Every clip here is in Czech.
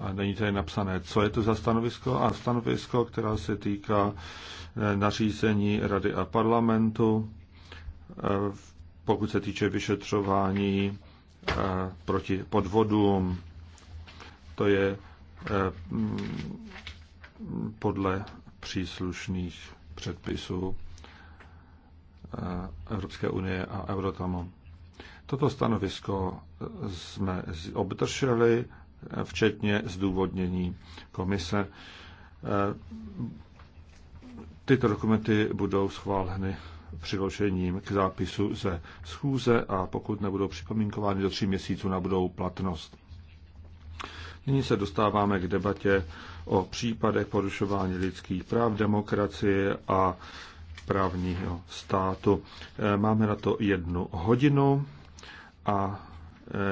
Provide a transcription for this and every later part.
a není tady napsané, co je to za stanovisko, a stanovisko, která se týká eh, nařízení Rady a parlamentu, eh, pokud se týče vyšetřování eh, proti podvodům. To je mm, podle příslušných předpisů Evropské unie a Eurotamu. Toto stanovisko jsme obdrželi včetně zdůvodnění komise. Tyto dokumenty budou schváleny přiložením k zápisu ze schůze a pokud nebudou připomínkovány do tří měsíců, nabudou platnost. Nyní se dostáváme k debatě o případech porušování lidských práv, demokracie a právního státu. Máme na to jednu hodinu a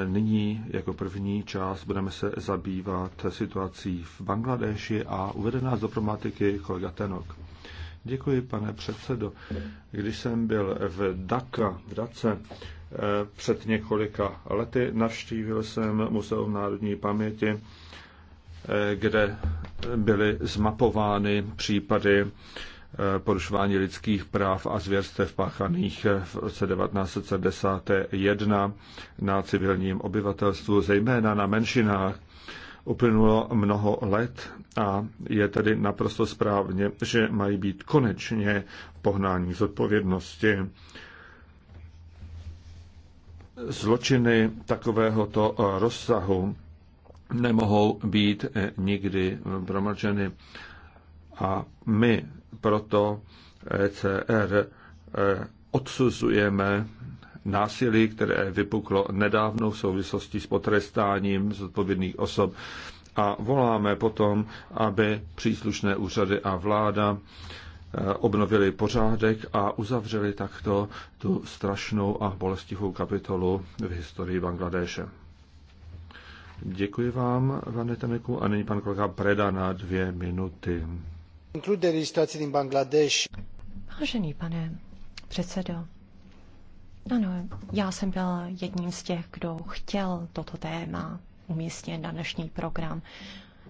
Nyní jako první část budeme se zabývat situací v Bangladeši a uvede nás do problematiky kolega Tenok. Děkuji, pane předsedo. Když jsem byl v Dhaka, v Dace, eh, před několika lety navštívil jsem Muzeum národní paměti, eh, kde byly zmapovány případy Eh, porušování lidských práv a zvěrstev páchaných eh, v roce 1971 na civilním obyvatelstvu, zejména na menšinách. Uplynulo mnoho let a je tedy naprosto správně, že mají být konečně pohnání z odpovědnosti. Zločiny takovéhoto rozsahu nemohou být eh, nikdy promlčeny. A my proto ECR e, odsuzujeme násilí, které vypuklo nedávno v souvislosti s potrestáním zodpovědných osob a voláme potom, aby příslušné úřady a vláda e, obnovili pořádek a uzavřeli takto tu strašnou a bolestivou kapitolu v historii Bangladéše. Děkuji vám, pane Teneku, a nyní pan kolega Preda na dvě minuty. Inkluderii situace din Bangladeš. Vážený pane předsedo, ano, já jsem byl jedním z těch, kdo chtěl toto téma umístit na dnešní program.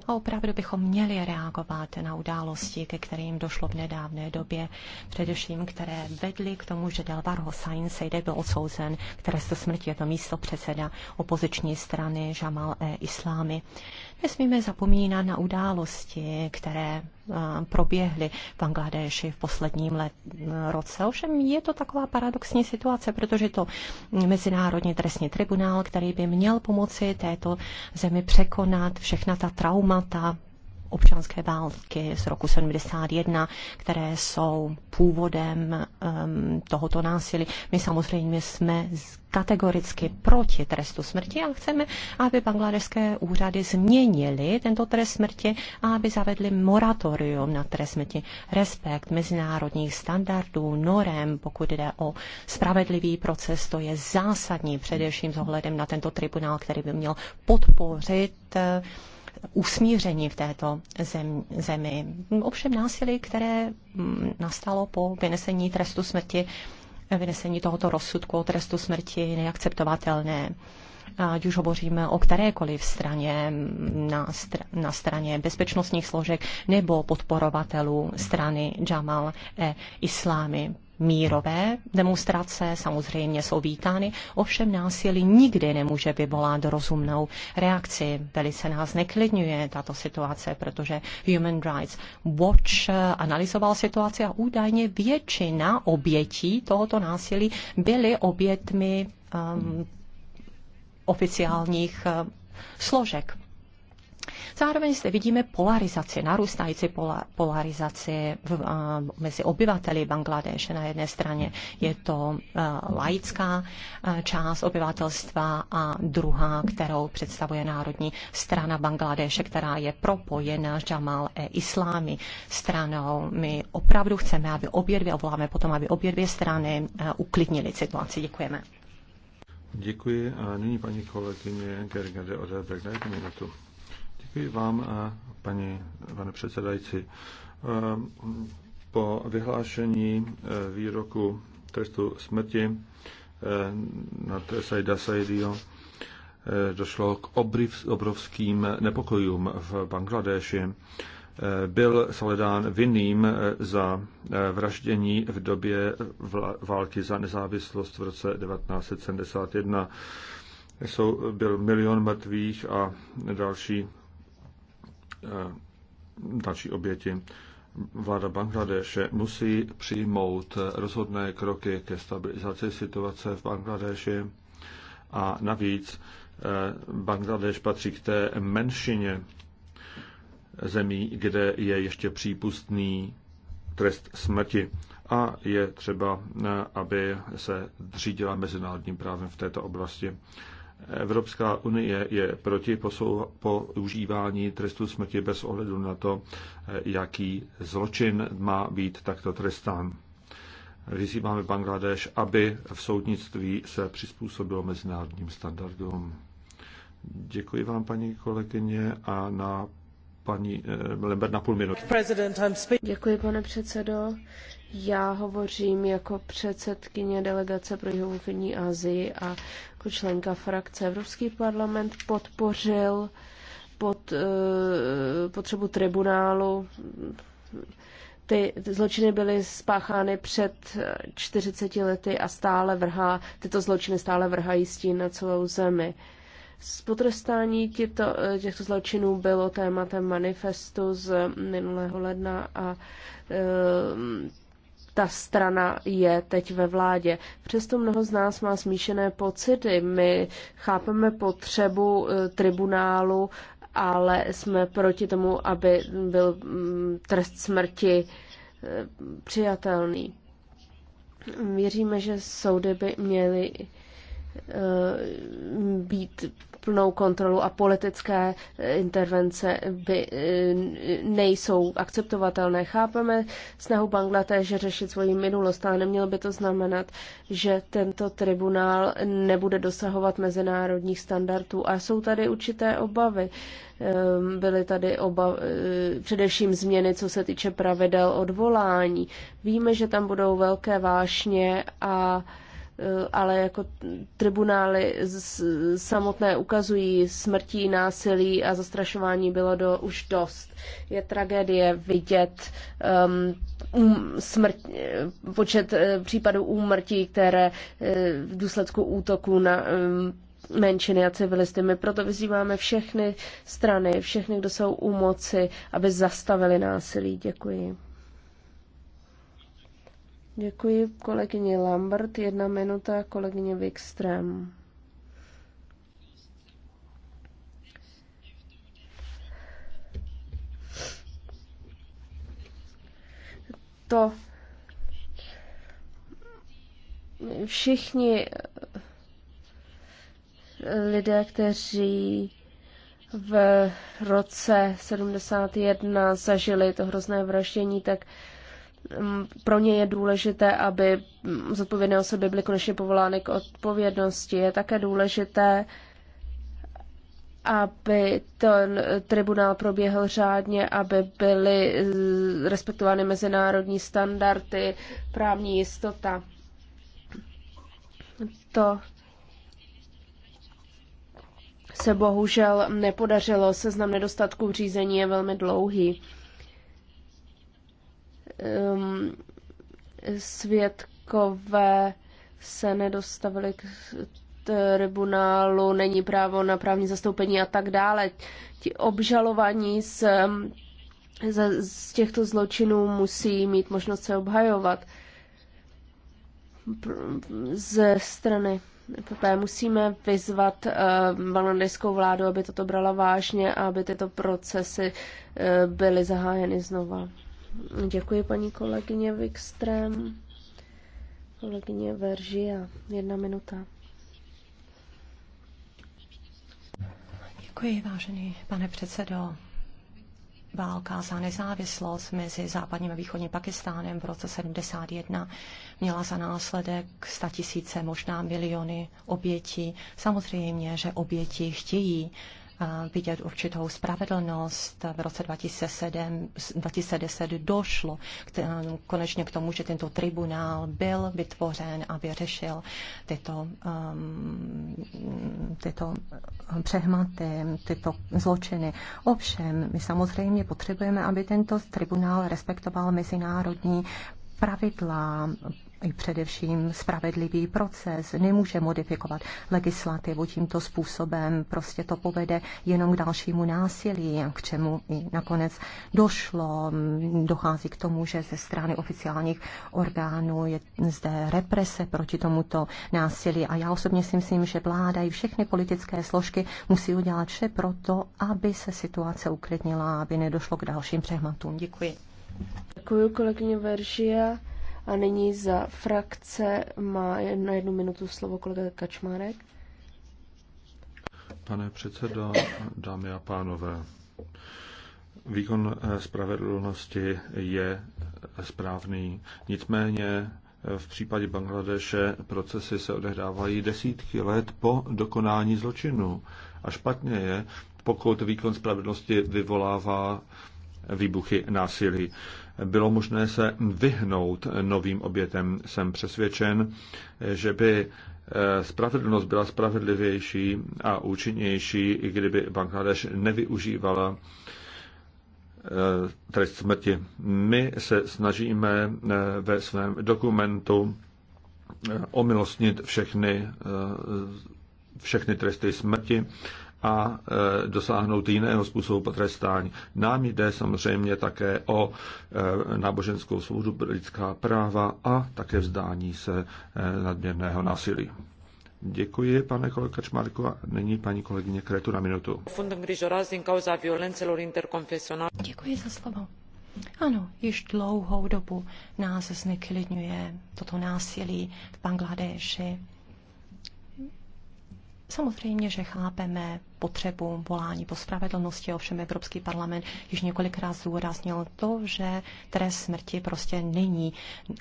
A opravdu bychom měli reagovat na události, ke kterým došlo v nedávné době, především které vedly k tomu, že Delvar Hossain Sejde byl odsouzen k trestu smrti. Je to místo předseda opoziční strany Jamal e Islámy. Nesmíme zapomínat na události, které proběhly v Bangladeši v posledním let, e, roce. Ovšem je to taková paradoxní situace, protože to Mezinárodní trestní tribunál, který by měl pomoci této zemi překonat všechna ta traumata občanské války z roku 71, které jsou původem um, tohoto násilí. My samozřejmě jsme kategoricky proti trestu smrti a chceme, aby bangladeské úřady změnily tento trest smrti a aby zavedli moratorium na trest smrti. Respekt mezinárodních standardů, norem, pokud jde o spravedlivý proces, to je zásadní, především s ohledem na tento tribunál, který by měl podpořit eh, usmíření v této zemi. Ovšem násilí, které mm, nastalo po vynesení trestu smrti, vynesení tohoto rozsudku o trestu smrti neakceptovatelné. Ať už hovoříme o kterékoliv straně, mm, na, str- na straně bezpečnostních složek nebo podporovatelů strany Jamal e Islámy mírové demonstrace samozřejmě jsou vítány, ovšem násilí nikdy nemůže vyvolat rozumnou reakci. Velice nás neklidňuje tato situace, protože Human Rights Watch analyzoval situaci a údajně většina obětí tohoto násilí byly obětmi um, oficiálních uh, složek. Zároveň zde vidíme polarizaci, narůstající pola, polarizaci v, uh, mezi obyvateli Bangladeše. Na jedné straně je to uh, laická uh, část obyvatelstva a druhá, kterou představuje Národní strana Bangladeše, která je propojena s Jamal e Islámy stranou. My opravdu chceme, aby obě dvě, voláme potom, aby obě dvě strany uh, uklidnili situaci. Děkujeme. Děkuji a nyní paní kolegyně Gergade Odebrek dajte minutu. Děkuji vám, eh, paní, pane předsedající. Eh, po vyhlášení eh, výroku trestu smrti na Saida Saidio došlo k obrovským nepokojům v Bangladeši. Byl Saledán vinným za vraždění v době války za nezávislost v roce 1971. Jsou, byl milion mrtvých a další Eh, další oběti. Vláda Bangladeše musí přijmout rozhodné kroky ke stabilizaci situace v Bangladeši a navíc eh, Bangladeš patří k té menšině zemí, kde je ještě přípustný trest smrti a je třeba, eh, aby se řídila mezinárodním právem v této oblasti. Evropská unie je proti používání trestu smrti bez ohledu na to, jaký zločin má být takto trestán. Vyzýváme Bangladeš, aby v soudnictví se přizpůsobilo mezinárodním standardům. Děkuji vám, paní kolegyně, a na paní eh, Lembert na půl minuty. Děkuji, pane předsedo. Já hovořím jako předsedkyně delegace pro jihovýchodní Asii a jako členka frakce Evropský parlament podpořil pod, uh, potřebu tribunálu. Ty, zločiny byly spáchány před 40 lety a stále vrhá, tyto zločiny stále vrhají stín na celou zemi. Potrestání těto, eh, těchto zločinů bylo tématem manifestu z minulého ledna a uh, ta strana je teď ve vládě. Přesto mnoho z nás má smíšené pocity. My chápeme potřebu eh, tribunálu, ale jsme proti tomu, aby byl mm, trest smrti eh, přijatelný. Věříme, že soudy by měly eh, být plnou kontrolu a politické intervence by eh, nejsou akceptovatelné. Chápeme snahu Bangladeše řešit svoji minulost, ale nemělo by to znamenat, že tento tribunál nebude dosahovat mezinárodních standardů. A jsou tady určité obavy. Ehm, byly tady oba, eh, především změny, co se týče pravidel odvolání. Víme, že tam budou velké vášně a Eh, ale jako tribunály samotné ukazují smrtí, násilí a zastrašování bylo do, už dost. Je tragédie vidět ehm, um, smrt, eh, počet eh, případů úmrtí, které v důsledku útoku na um, menšiny a civilisty. My proto vyzýváme všechny strany, všechny, kdo jsou u moci, aby zastavili násilí. Děkuji. Děkuji kolegyně Lambert, jedna minuta, kolegyně Wikström. To všichni lidé, kteří v roce 71 zažili to hrozné vraždění, tak Mm, pro ně je důležité, aby mm, zodpovědné osoby byly konečně povolány k odpovědnosti. Je také důležité, aby ten tribunál proběhl řádně, aby byly mm, respektovány mezinárodní standardy, právní jistota. To se bohužel nepodařilo. Seznam nedostatků řízení je velmi dlouhý um, svědkové se nedostavili k tribunálu, není právo na právní zastoupení a tak dále. Ti obžalovaní z, z těchto zločinů musí mít možnost se obhajovat ze strany PP. Musíme vyzvat ehm, bangladeskou vládu, aby toto brala vážně a aby tyto procesy eh, byly zahájeny znova. Děkuji paní kolegyně Wikström, kolegyně Veržia. Jedna minuta. Děkuji, vážený pane předsedo. Válka za nezávislost mezi západním a východním Pakistánem v roce 71 měla za následek tisíce možná miliony obětí. Samozřejmě, že oběti chtějí vidět určitou spravedlnost. V roce 2007, 2010 došlo k, konečně k tomu, že tento tribunál byl vytvořen, aby řešil tyto, um, tyto přehmaty, tyto zločiny. Ovšem, my samozřejmě potřebujeme, aby tento tribunál respektoval mezinárodní pravidla i především spravedlivý proces, nemůže modifikovat legislativu tímto způsobem. Prostě to povede jenom k dalšímu násilí, k čemu i nakonec došlo. Dochází k tomu, že ze strany oficiálních orgánů je zde represe proti tomuto násilí. A já osobně si myslím, že vláda i všechny politické složky musí udělat vše proto, aby se situace uklidnila, aby nedošlo k dalším přehmatům. Děkuji. Děkuji kolegyně Veržia. A nyní za frakce má na jednu minutu slovo kolega Kačmárek. Pane předsedo, dámy a pánové, výkon eh, spravedlnosti je správný. Nicméně eh, v případě Bangladeše procesy se odehrávají desítky let po dokonání zločinu. A špatně je, pokud výkon spravedlnosti vyvolává výbuchy násilí bylo možné se vyhnout novým obětem. Jsem přesvědčen, že by eh, spravedlnost byla spravedlivější a účinnější, i kdyby Bangladeš nevyužívala eh, trest smrti. My se snažíme eh, ve svém dokumentu omilostnit všechny, všechny tresty smrti a e, dosáhnout jiného způsobu potrestání. Nám jde samozřejmě také o e, náboženskou svobodu, lidská práva a také vzdání se e, nadměrného násilí. Děkuji, pane kolega Čmarko, A nyní paní kolegyně Kretu na minutu. Děkuji za slovo. Ano, již dlouhou dobu nás zneklidňuje toto násilí v Bangladeši Samozřejmě, že chápeme potřebu volání po spravedlnosti, ovšem Evropský parlament již několikrát zdůraznil to, že trest smrti prostě není um,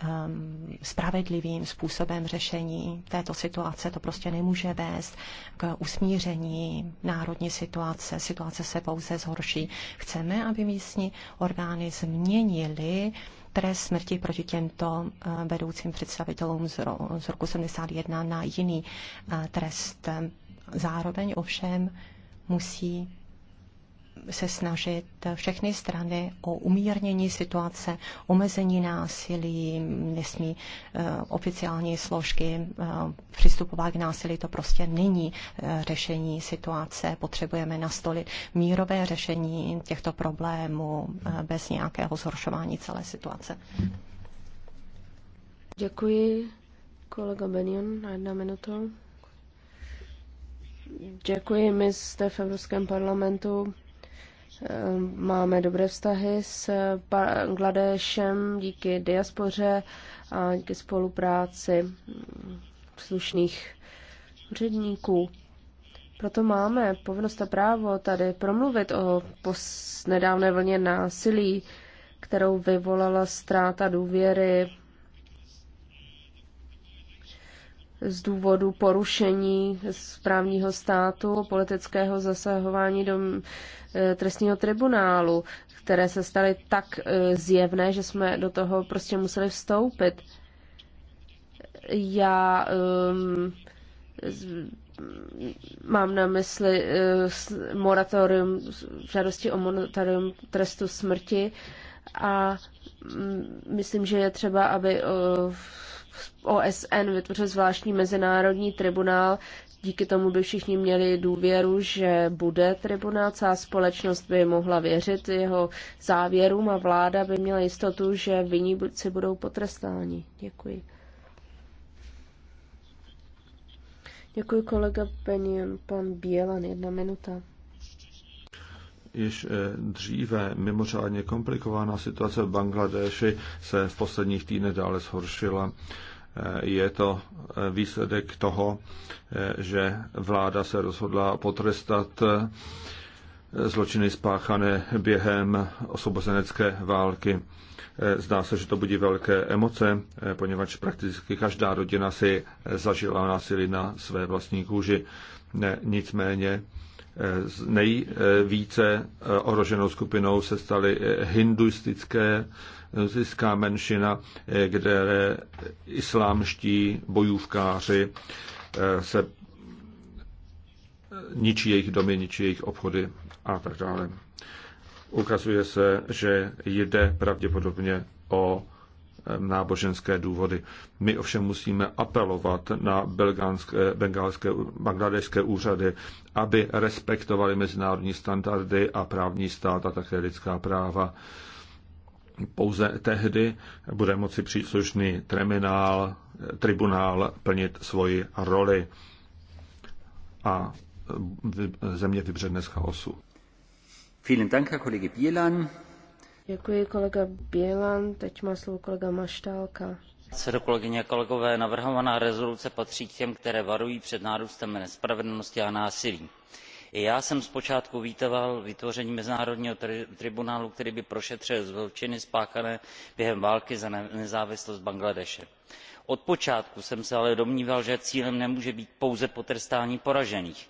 spravedlivým způsobem řešení této situace. To prostě nemůže vést k usmíření národní situace. Situace se pouze zhorší. Chceme, aby místní orgány změnily trest smrti proti těmto eh, vedoucím představitelům z roku 71 na jiný eh, trest Zároveň ovšem musí se snažit všechny strany o umírnění situace, omezení násilí, nesmí eh, oficiální složky eh, přistupovat k násilí. To prostě není eh, řešení situace. Potřebujeme nastolit mírové řešení těchto problémů bez nějakého zhoršování celé situace. Děkuji. Kolega Benion, na jedna minuta. Děkuji, my jste v Evropském parlamentu. Eh, máme dobré vztahy s Bangladešem díky diaspoře a díky spolupráci slušných úředníků. Proto máme povinnost a právo tady promluvit o nedávné vlně násilí, kterou vyvolala ztráta důvěry z důvodu porušení správního státu, politického zasahování do eh, trestního tribunálu, které se staly tak eh, zjevné, že jsme do toho prostě museli vstoupit. Já um, mám na mysli uh, moratorium, žádosti o moratorium trestu smrti a um, myslím, že je třeba, aby uh, OSN vytvořil zvláštní mezinárodní tribunál. Díky tomu by všichni měli důvěru, že bude tribunál, celá společnost by mohla věřit jeho závěrům a vláda by měla jistotu, že viníci budou potrestáni. Děkuji. Děkuji kolega Penion, pan Bělan, jedna minuta již eh, dříve mimořádně komplikovaná situace v Bangladeši se v posledních týdnech dále zhoršila. Eh, je to eh, výsledek toho, že vláda se rozhodla potrestat zločiny spáchané během osvobozenecké války. Zdá se, že to budí velké emoce, poněvadž prakticky každá rodina si zažila násilí na své vlastní kůži. Ne, nicméně nejvíce eh, ohroženou skupinou se staly eh, hinduistické hinduistická menšina, eh, kde islámští bojůvkáři se ničí jejich domy, ničí jejich obchody a tak dále. Ukazuje se, že jde pravděpodobně o náboženské důvody. My ovšem musíme apelovat na bengalské, bangladešské úřady, aby respektovali mezinárodní standardy a právní stát a také lidská práva. Pouze tehdy bude moci příslušný terminál, tribunál plnit svoji roli a země vybředne z chaosu. Vielen Dank, Herr Kollege Bielan. Děkuji kolega Bělan, teď má slovo kolega Maštálka. Sedo kolegyně a kolegové, navrhovaná rezoluce patří k těm, které varují před nárůstem nespravedlnosti a násilí. I já jsem zpočátku vítoval vytvoření mezinárodního tri tribunálu, který by prošetřil zločiny spáchané během války za ne nezávislost Bangladeše od počátku jsem se ale domníval že cílem nemůže být pouze potrestání poražených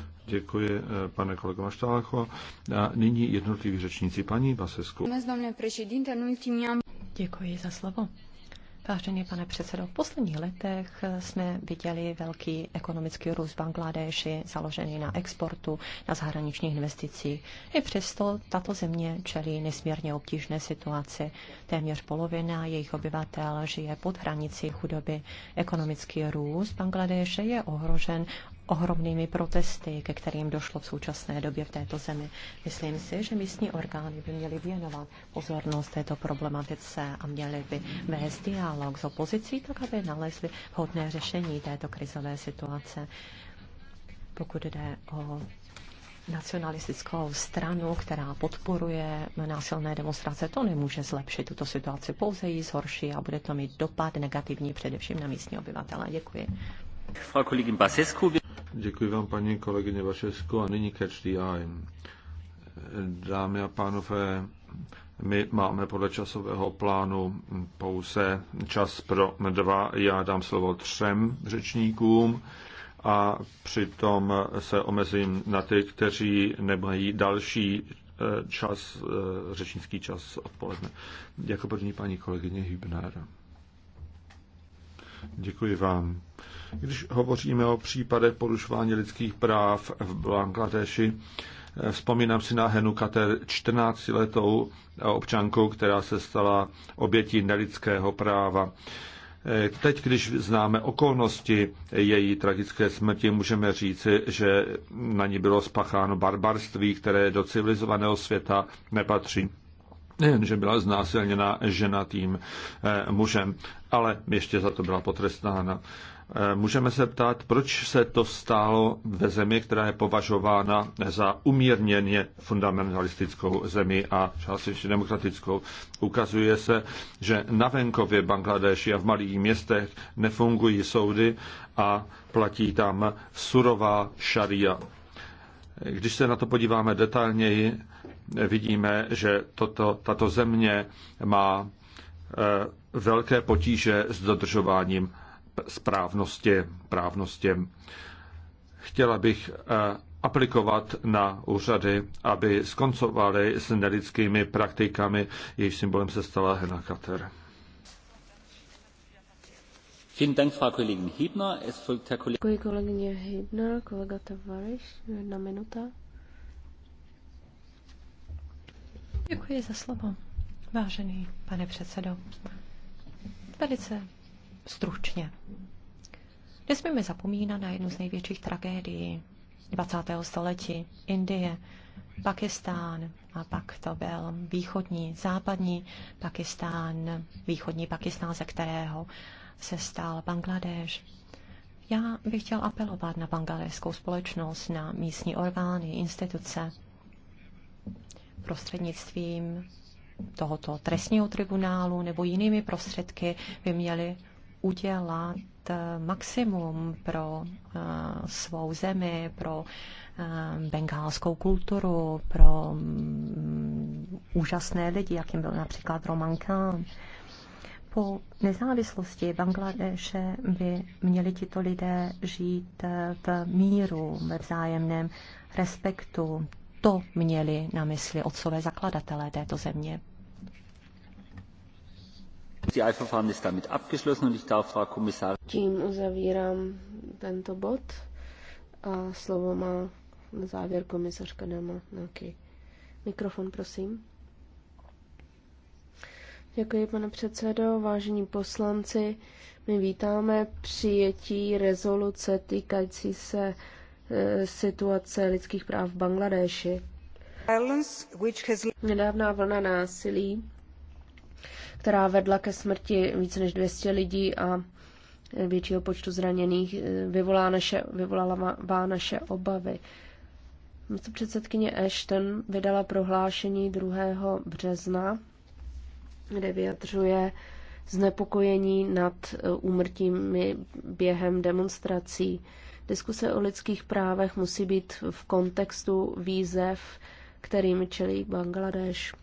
Děkuji, eh, pane kolego Maštálacho. A nyní jednotliví řečníci paní Basesku. Děkuji za slovo. Vážený pane předsedo, v posledních letech jsme viděli velký ekonomický růst Bangladeši, založený na exportu, na zahraničních investicích. I přesto tato země čelí nesmírně obtížné situaci. Téměř polovina jejich obyvatel žije pod hranicí chudoby. Ekonomický růst Bangladeše je ohrožen ohromnými protesty, ke kterým došlo v současné době v této zemi. Myslím si, že místní orgány by měly věnovat pozornost této problematice a měly by vést dialog s opozicí, tak aby nalezli vhodné řešení této krizové situace. Pokud jde o nacionalistickou stranu, která podporuje násilné demonstrace, to nemůže zlepšit tuto situaci, pouze ji zhorší a bude to mít dopad negativní především na místní obyvatele. Děkuji. Frau Kollegin Basescu. Děkuji vám, paní kolegyně Vašesko, A nyní catch the eye. Dámy a pánové, my máme podle časového plánu pouze čas pro dva, já dám slovo třem řečníkům a přitom se omezím na ty, kteří nemají další eh, čas, eh, řečnický čas odpoledne. Jako první paní kolegyně Hübner. Děkuji vám. Když hovoříme o případech porušování lidských práv v Bangladeši, Vzpomínám si na Henu Kater, 14-letou občanku, která se stala obětí nelidského práva. Teď, když známe okolnosti její tragické smrti, můžeme říci, že na ní bylo spacháno barbarství, které do civilizovaného světa nepatří. Nejen, že byla znásilněna ženatým eh, mužem, ale ještě za to byla potrestána. Eh, můžeme se ptát, proč se to stálo ve zemi, která je považována za umírněně fundamentalistickou zemi a částečně demokratickou. Ukazuje se, že na venkově Bangladeši a v malých městech nefungují soudy a platí tam surová šaria. Když se na to podíváme detailněji, vidíme, že toto, tato země má eh, velké potíže s dodržováním správnosti, právnosti. Chtěla bych eh, aplikovat na úřady, aby skoncovali s nelidskými praktikami, jejich symbolem se stala Hena Kater. Děkuji kolegyně Hibner, kolega Tavariš, jedna minuta. Děkuji za slovo, vážený pane předsedo. Velice stručně. Nesmíme zapomínat na jednu z největších tragédií 20. století Indie, Pakistán a pak to byl východní, západní Pakistán, východní Pakistán, ze kterého se stal Bangladeš. Já bych chtěl apelovat na bangladeskou společnost, na místní orgány, instituce, prostřednictvím tohoto trestního tribunálu nebo jinými prostředky by měli udělat eh, maximum pro eh, svou zemi, pro eh, bengálskou kulturu, pro mm, úžasné lidi, jakým byl například Roman Khan. Po nezávislosti Bangladeše by měli tito lidé žít v míru, ve vzájemném respektu. To měli na mysli otcové zakladatelé této země. Tím uzavírám tento bod a slovo má na závěr komisařka Dama Naky. Mikrofon, prosím. Děkuji, pane předsedo, vážení poslanci. My vítáme přijetí rezoluce týkající se e, situace lidských práv v Bangladeši. Nedávná vlna násilí která vedla ke smrti více než 200 lidí a většího počtu zraněných, eh, vyvolá naše, vá naše obavy. Místo předsedkyně Ashton vydala prohlášení 2. března, kde vyjadřuje znepokojení nad eh, úmrtími během demonstrací. Diskuse o lidských právech musí být v kontextu výzev, kterým čelí Bangladeš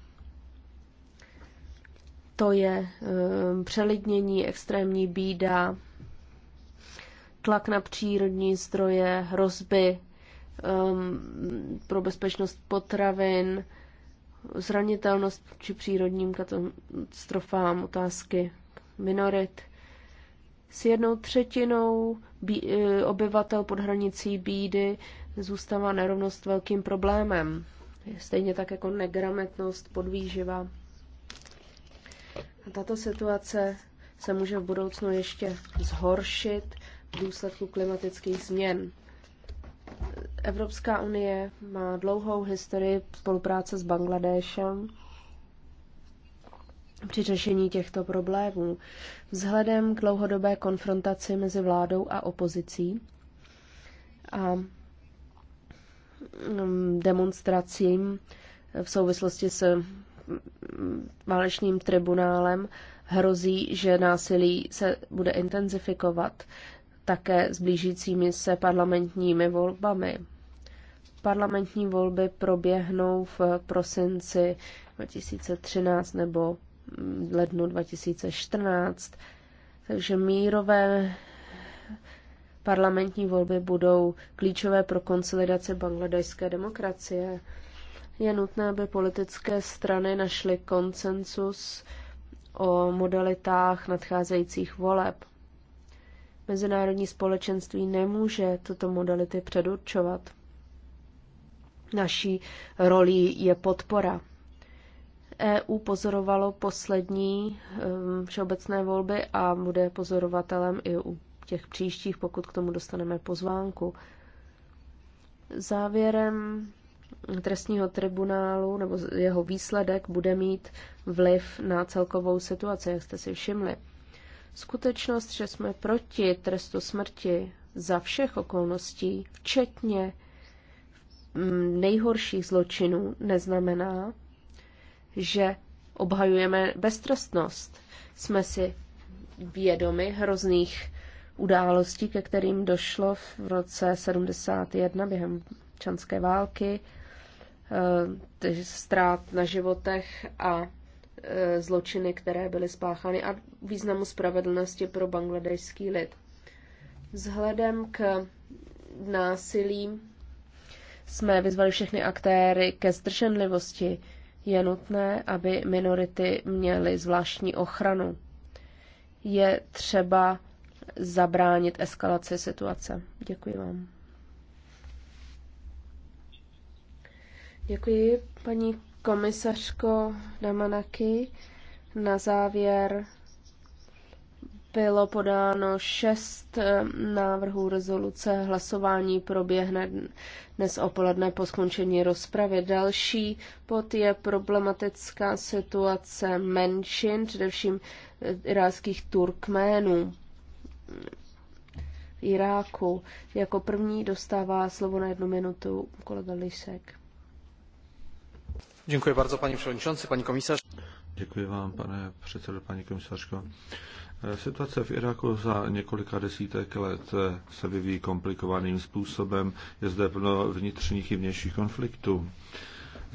to je eh, přelidnění, extrémní bída, tlak na přírodní zdroje, hrozby e, pro bezpečnost potravin, zranitelnost či přírodním katastrofám, otázky minorit. S jednou třetinou bí, eh, obyvatel pod hranicí bídy zůstává nerovnost velkým problémem. Stejně tak jako negrametnost, podvýživa, tato situace se může v budoucnu ještě zhoršit v důsledku klimatických změn. Evropská unie má dlouhou historii spolupráce s Bangladéšem při řešení těchto problémů. Vzhledem k dlouhodobé konfrontaci mezi vládou a opozicí a mm, demonstracím v souvislosti s válečným tribunálem hrozí, že násilí se bude intenzifikovat také s blížícími se parlamentními volbami. Parlamentní volby proběhnou v prosinci 2013 nebo lednu 2014, takže mírové parlamentní volby budou klíčové pro konsolidaci bangladejské demokracie. Je nutné, aby politické strany našly konsensus o modalitách nadcházejících voleb. Mezinárodní společenství nemůže tuto modality předurčovat. Naší rolí je podpora. EU pozorovalo poslední ehm, všeobecné volby a bude pozorovatelem i u těch příštích, pokud k tomu dostaneme pozvánku. Závěrem trestního tribunálu nebo jeho výsledek bude mít vliv na celkovou situaci, jak jste si všimli. Skutečnost, že jsme proti trestu smrti za všech okolností, včetně mm, nejhorších zločinů, neznamená, že obhajujeme beztrestnost. Jsme si vědomi hrozných událostí, ke kterým došlo v roce 71 během čanské války, Eh, ztrát na životech a eh, zločiny, které byly spáchány a významu spravedlnosti pro bangladejský lid. Vzhledem k násilí jsme vyzvali všechny aktéry ke zdrženlivosti. Je nutné, aby minority měly zvláštní ochranu. Je třeba zabránit eskalaci situace. Děkuji vám. Děkuji, paní komisařko Damanaki. Na závěr bylo podáno šest eh, návrhů rezoluce. Hlasování proběhne dnes opoledne po skončení rozpravy. Další pod je problematická situace menšin, především eh, iráckých Turkménů. Eh, Iráku. Jako první dostává slovo na jednu minutu kolega Lisek. Děkuji bardzo, paní předsedající, paní komisař. Děkuji vám, pane předsedo, paní komisařko. E, situace v Iraku za několika desítek let e, se vyvíjí komplikovaným způsobem. Je zde plno vnitřních i vnějších konfliktů.